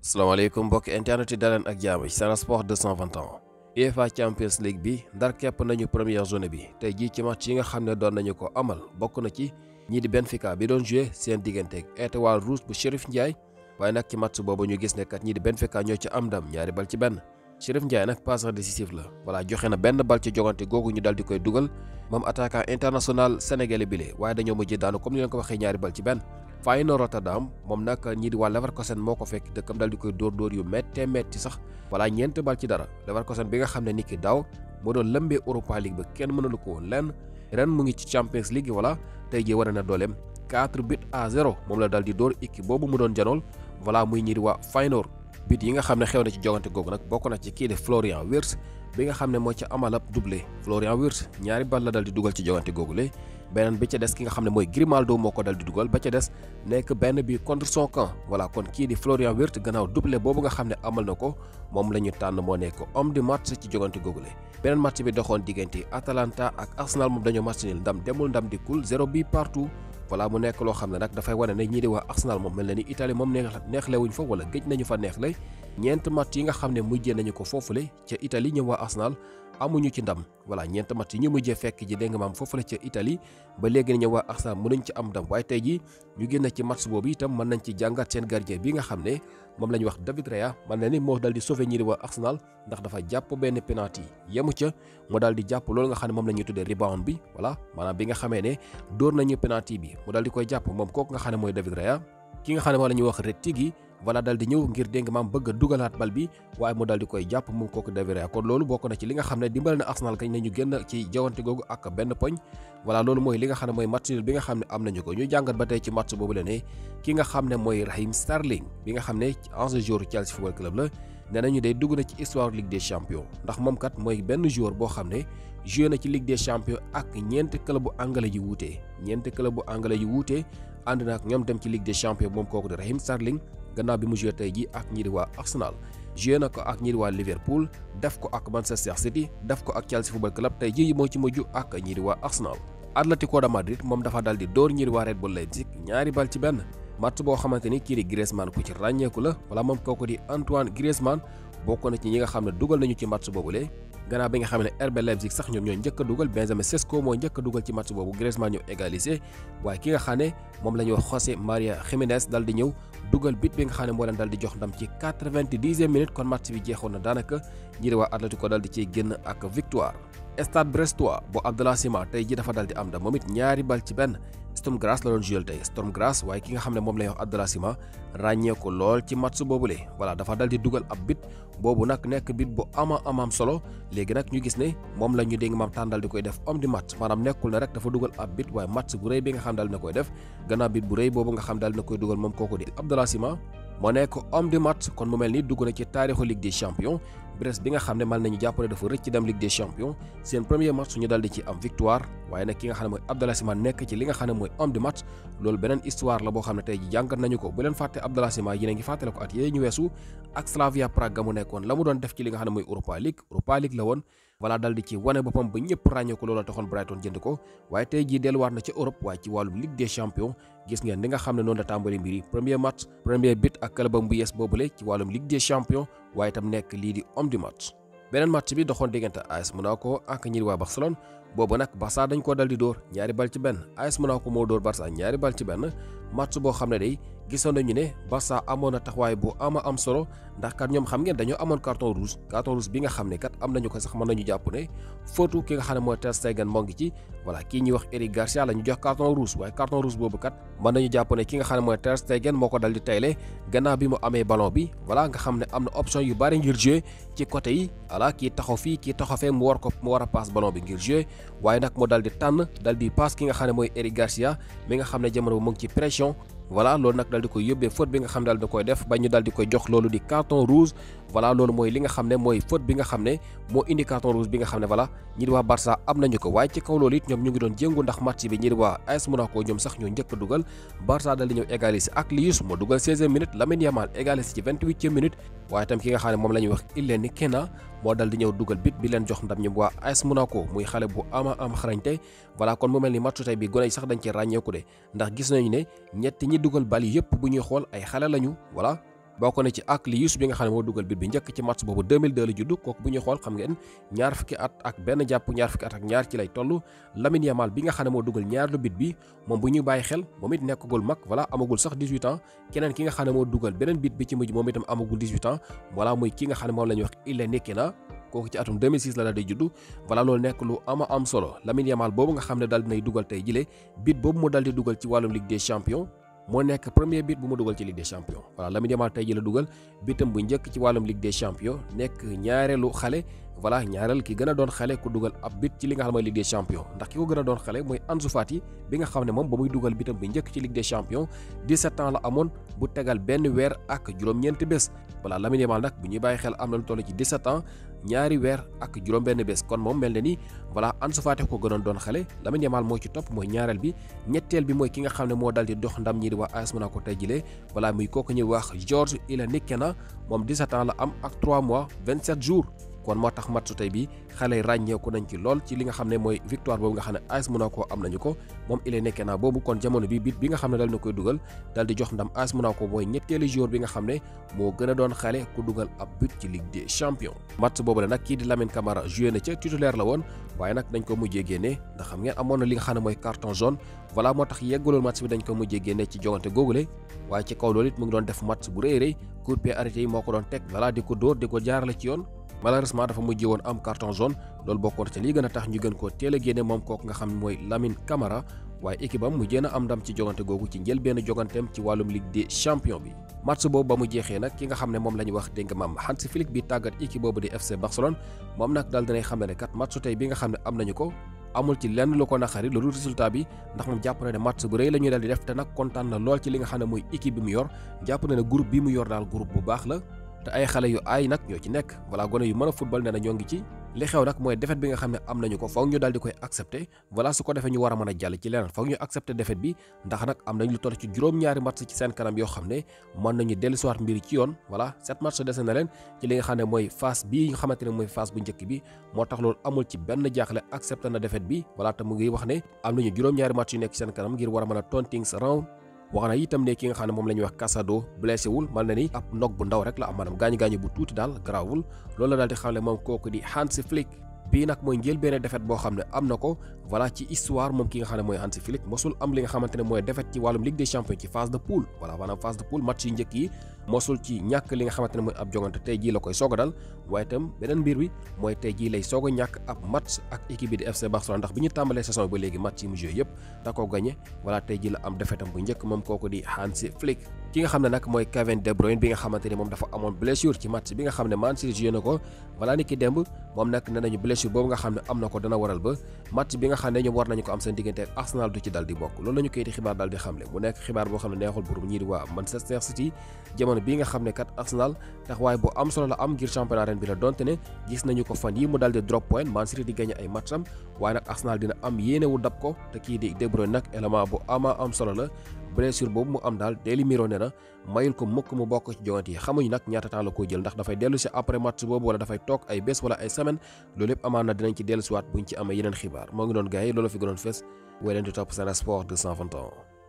salaamaaleykum mbokk internet yi daleen ak jàmm ci Sen Sport 221 UEFA Champions League bi ndar kepp nañu première journée bi tey jii ci match yi nga xam ne doon nañu ko amal bokk na ci ñi di Benfica bi doon joué seen digganteeg Étoile Rouge bu Chérif Ndiaye waaye nag ci match boobu ñu gis ne kat ñii di Benfica ñoo ci am ndam ñaari bal ci benn Chérif Ndiaye nag passeur décisif la voilà joxe na benn bal ci jogante googu ñu dal di koy dugal moom attaquant international sénégalais bile waaye dañoo mujjee daanu comme ni leen ko waxee ñaari bal ci benn. Feyenoord Rotterdam moom nag ñii di waa Leverkusen moo ko fekk dëkkam dal di koy dóor dóor yu mettee métti sax voilà ñeent bal ci dara Leverkusen bi nga xam ne ni ki daaw moo doon lëmbee Europa League ba kenn mënalu ko woon lenn ren mu ngi ci Champions League voilà tey jii wane na dooleem 4 à 0 moom la dal di dóor équipe boobu mu doon janool voilà muy ñii di waa Feyenoord bit yi nga xam ne xew na ci jogante googu nag bokk na ci kii de Florian Wirtz bi nga xam ne moo ca amal ab doublé Florian Wirtz ñaari bal la dal di dugal ci jogante googu la beneen bi ca des ki nga xam ne mooy Grimaldo moo ko dal di dugal ba ca des nekk benn bi contre son camp voilà kon kii di Florian Wirtz gannaaw doublé boobu nga xam ne amal na ko moom la ñu tànn moo nekk homme du match ci jogante googu beneen match bi doxoon diggante Atalanta ak Arsenal moom dañoo match nil ndam demul ndam dikkul zéro bi partout voilà mu nekk loo xam ne nag dafay wane ne ñii di waa Arsenal moom mel na ni Italie moom neexlewuñ fa wala géej nañu fa neexle ñeent match yi nga xam ne mujjee nañu ko foofule ca Italie ñëw waa Arsenal amuñu ci ndam wala ñent match ñu mujjé fekk ji dégg maam fofu la ci Italie ba légui ñu wa Arsenal mënuñ ci am ndam waaye tay ji ñu génn ci match bobu itam mën nañ ci jangat seen gardien bi nga xamné mom lañ wax David Raya mën na ni mo dal di sauver ñi Arsenal ndax dafa japp ben penalty yamu ca mo dal di japp lool nga xamné mom lañu tuddé rebound bi wala manam bi nga xamé né door nañu penalty bi mo dal di koy japp mom kok nga xamné moy David Raya ki nga xamné mo lañu wax Retigi voilà dal di ñëw ngir dégg maam bëgg dugalaat bal bi waaye mu dal di koy jàpp mu ngi kooku De kon loolu bokk na ci li nga xam ne dimbale na Arsenal kañ nañu génn ci jawante googu ak benn poñ voilà loolu mooy li nga xam ne mooy match bi nga xam ne am nañu ko ñu jàngat ba tey ci match boobu la ne ki nga xam ne mooy Raheem Sterling bi nga xam ne ancien joueur Chelsea Football Club la nee nañu day dugg na ci histoire Ligue des Champions ndax moom kat mooy benn joueur boo xam ne joué na ci Ligue des ak ñeenti club bu anglais yu wuute ñeenti club bu anglais yu wuute ànd na ñoom dem ci Ligue des moom kooku di Raheem Sterling gannaaw bi mu joué tey ji ak ñii di waa Arsenal joué na ko ak ñii di waa Liverpool def ko ak Manchester City def ko ak Chelsea Football Club tey ji moo ci mujj ak ñii di waa Arsenal. Atlético de Madrid moom dafa dal di dóor ñii di waa Red Bull Leipzig ñaari bal ci benn match boo xamante ni kii di Griezmann ku ci ràññeeku la wala moom kooku di Antoine Griezmann bokk na ci ñi nga xam ne dugal nañu ci match boobule. gannaaw bi nga xam ne RB Leipzig sax ñoom ñoo njëkk a dugal Benjamin Sesko moo njëkk a dugal ci match boobu Griezmann ñoo égalisé waaye ki nga xam ne moom la ñu wax José Maria Jiménez dal di ñëw dugal bit bi nga xam ne moo leen dal di jox ndam ci quatre-vingt-dixième minute kon match bi jeexoon na daanaka ñi di waa Atlético dal di ciy génn ak victoire stade brestois bu Abdallah tey ji dafa dal di am da moom it ñaari bal ci benn Sturm Graz la doon juyal tey Sturm Graz waaye ki nga xam ne moom lay wax Abdallah Sima ràññee ko lool ci match boobule voilà dafa dal di dugal ab bit boobu nag nekk bit bu ama amaam solo léegi nag ñu gis ne moom la ñu dégg maam tànn dal di koy def homme du match maanaam nekkul ne rek dafa dugal ab bit waaye match bu rëy bi nga xam dal na koy def gannaaw bit bu rëy boobu nga xam dal dina koy dugal moom kooku di Abdallah Sima moo nekk homme du kon mu mel ni dugg na ci taarixu Ligue des Champions Brest bi nga xam ne mën nañu jàppale dafa rëcc dem Ligue des Champions seen premier match suñu dal ci am victoire waaye nag ki nga xam ne mooy Abdallah Sima nekk ci li nga xam ne mooy homme de match loolu beneen histoire la boo xam ne tey ji jàngat nañu ko bu leen fàtte Abdallah Sima yéen a ngi fàttale ko at yee ñu weesu ak Slavia Prague ga nekkoon la mu doon def ci li nga xam ne mooy Europa League Europa League la woon voilà dal ci waaye itam nekk lii di om di match beneen match bi doxoon diggante AS Monaco ak ñi waa Barcelone boobu nag Barça dañ koo dal di dóor ñaari bal ci benn AS ko moo dóor Barça ñaari bal ci benn match boo xam ne day gisson nañu né Barça amona taxway bu ama am solo ndax kat ñom xam ngeen karton Rus, carton rouge carton rouge bi nga xamné kat am nañu ko sax mën nañu japp né photo ki nga xamné mo Ter Stegen mo ngi ci wala ki ñi wax Eric Garcia lañu jox carton rouge way carton rouge bobu kat mën nañu japp né ki nga xamné mo Ter Stegen moko dal di taylé ganna bi mu amé ballon bi wala nga xamné amna option yu bari ngir jouer ci côté yi ala ki taxaw fi ki taxaw mu war ko mu wara pass ballon bi ngir jouer waye nak mo dal di tan dal di pass ki nga xamné moy Eric Garcia mi nga xamné ne mo ngi ci pression voilà loolu nag daal di koy yóbbee faute bi nga xam daal di koy def ba ñu daal koy jox loolu di carton rouge voilà loolu mooy li nga xam ne mooy faute bi nga xam ne moo indi carton rouge bi nga xam ne voilà ñi di waa Barça am nañu ko waaye ci kaw loolu it ñoom ñu ngi doon jéngu ndax match bi ñi di waa AS Monaco ñoom sax ñoo njëkk a dugal Barça daal di ñëw égaliser ak Lius moo dugal 16e minute Lamine Yamal égaliser ci 28e minute waaye itam moo dal di ñëw dugal bit bi leen jox ndam ñi waa AS Monaco muy xale bu ama am xarañte voilà kon mu mel ni matchu bi gone sax dañ ci ràññeeku de ndax gis nañu ne ñetti ñi dugal bal yëpp bu ñuy xool ay xale lañu voilà bokk na ci ak Lius bi nga xam ne moo dugal bit bi njëkk ci match boobu 2002 la kooku bu ñu xool xam ngeen ñaar fukki at ak benn jàpp ñaar fukki at ak ñaar ci lay toll Lamine Yamal bi nga xam ne moo dugal ñaar lu bit bi moom bu ñu bàyyi xel moom it nekkagul mag voilà sax 18 ans keneen ki xam ne moo dugal beneen bi ci mujj moom itam amagul 18 ans voilà muy ki ne moom la ñuy wax Ile Nekina kooku ci atum 2006 la daal di judd voilà loolu nekk lu ama am solo Lamine Yamal boobu nga xam ne daal dinay dugal tey jile bit boobu mu daal di dugal ci wàllum Ligue des Champions moo nekk premier but bu ma dugal ci Ligue des Champions voilà Lamine Yamal tey ji la dugal bitam bu njëkk ci wàllum Ligue des Champions nekk ñaareelu xale voilà ñaareel ki gën a doon xale ku dugal ab bit ci li nga xam ne mooy Ligue des Champions ndax ki ko gën a doon xale mooy Ansu bi nga xam ne moom ba muy dugal bitam bi njëkk ci Ligue des Champions 17 amoon bu tegal benn weer ak juróom-ñeenti bés voilà Lamine Yamal nag bu ñuy bàyyi xel am na lu toll ci 17 ans ñaari weer ak juróom-benn bés kon moom mel na ni voilà Ansu Fati ko gënoon doon xale Lamine Yamal moo ci topp mooy ñaareel bi ñetteel bi mooy ki nga xam ne moo dal di dox ndam ñi di waa AS Monaco tey jilee voilà muy kooku ñuy wax George Ila Nikkena moom 17 ans la am ak 3 mois 27 jours kon moo tax match tey bi xale ràññeeku nañ ci lool ci li nga xam ne mooy victoire boobu nga xam ne AS Monaco am nañu ko moom Ilé Nketiah boobu kon jamono bi bit bi nga xam ne dal na koy dugal dal di jox ndam AS Monaco mooy ñetteelu bi nga xam ne moo gën a doon ku dugal ci Ligue des Champions boobu la nag kii di Lamine Camara joué na ca titulaire la woon waaye nag dañ ko mujjee génne ndax xam ngeen amoon na li nga xam ne mooy carton jaune voilà moo tax yegguloon match bi dañ ko mujjee génne ci jogante googule waaye ci kaw loolu it mu ngi doon def match bu rëy rëy coup de pied yi moo ko doon teg voilà di ko dóor di ko jaarale ci yoon malheureusement dafa mujj woon am carton jaune loolu bokkoon ci lii gën a tax ñu gën koo teel a génne moom kooku nga xam mooy Lamine Camara waaye équipe am mu jéem am ndam ci jogante googu ci njëlbéenu joganteem ci wàllum Ligue des Champions bi. match boobu ba mu jeexee nag ki nga xam ne moom la ñu wax dégg nga maam Hansi Flick bi tàggat équipe boobu di FC Barcelone moom nag daal dinay xam ne kat match tey bi nga xam ne am nañu ko. amul ci lenn lu ko naqari lu dul résultat bi ndax jàpp na ne match la ñuy daal di def te nag kontaan lool ci li nga ne mooy équipe bi yor jàpp na ne groupe bi mu yor daal groupe bu baax la te ay xale yu aay nag ñoo ci nekk voilà gone yu mën a football nee na ñoo ngi ci li xew nag mooy défaite bi nga xam ne am nañu ko foog ñu daal di koy accepter voilà su ko defee ñu war a mën a jàll ci leneen foog ñu accepter défaite bi ndax nag am nañ lu toll ci ñaari match ci seen kanam yoo xam ne mën nañu dellusiwaat mbir ci yoon voilà set match dese na leen ci li nga xam ne mooy phase bi nga xamante ne mooy phase bu njëkk bi moo tax loolu amul ci benn jaaxle accepter na défaite bi voilà te mu ngi wax ne am nañu juróom-ñaari match yu nekk seen kanam ngir war a mën a tontings waxna itam ne ki nga xamne mom lañ wax Casado blessé wul mal na ni ap nok bu ndaw rek la am maanaam gaañu gaañu bu tuti dal grawul lolou la dal di xamle mom koku di Hansi Flick bii nag mooy njëlbéen defet boo xam ne am na ko voilà ci histoire moom ki nga xam ne mooy Hansi Flick mosul am li nga xamante ne mooy defet ci wàllum Ligue des Champions ci phase de poule voilà maanaam phase de poule match yu njëkk yi mosul ci ñàkk li nga xamante ne mooy ab jongante tey jii la koy soog a dal waaye itam beneen mbir bi mooy tey jii lay soog a ñàkk ab match ak équipe bi di FC Barcelone ndax bi ñu tàmbalee saison bi ba léegi match yi mu joué yëpp da koo tey jii la am defetam bu njëkk moom kooku di Hansi Flick ki nga xam ne nag mooy Kevin De Bruyne bi nga xamante ni moom dafa amoon blessure ci match bi nga xam ne Man City ko wala ni ki démb moom nag nee nañu blessure boobu nga xam ne am na ko dana waral ba match bi nga xam ne ñoom war nañu ko am seen diggante ak Arsenal du ci dal di bokk loolu la ñu kayiti xibaar daal di xamle mu nekk xibaar boo xam ne neexul pour ñii di waa Manchester City jamono bi nga xam ne kat Arsenal taxawaay bu am solo la am ngir championnat ren bi ne gis nañu ko fan yi mu dal di drop point Man City am waaye yéene wu dab ko te kii di De Bruyne nag élément bu ama am solo la blessure boobu mu am daal Deli Miro ne na mayul ko mukk mu bokk ci joŋante yi xamuñ nag ñaata temps la ko jël ndax dafay dellu si après match boobu wala dafay toog ay bés wala ay semaine loolu yëpp amaan na dinañ ci dellusiwaat buñ ci amee yeneen xibaar moo ngi doon gars yi loolu fi gënoon fees way topp Sen Sport 221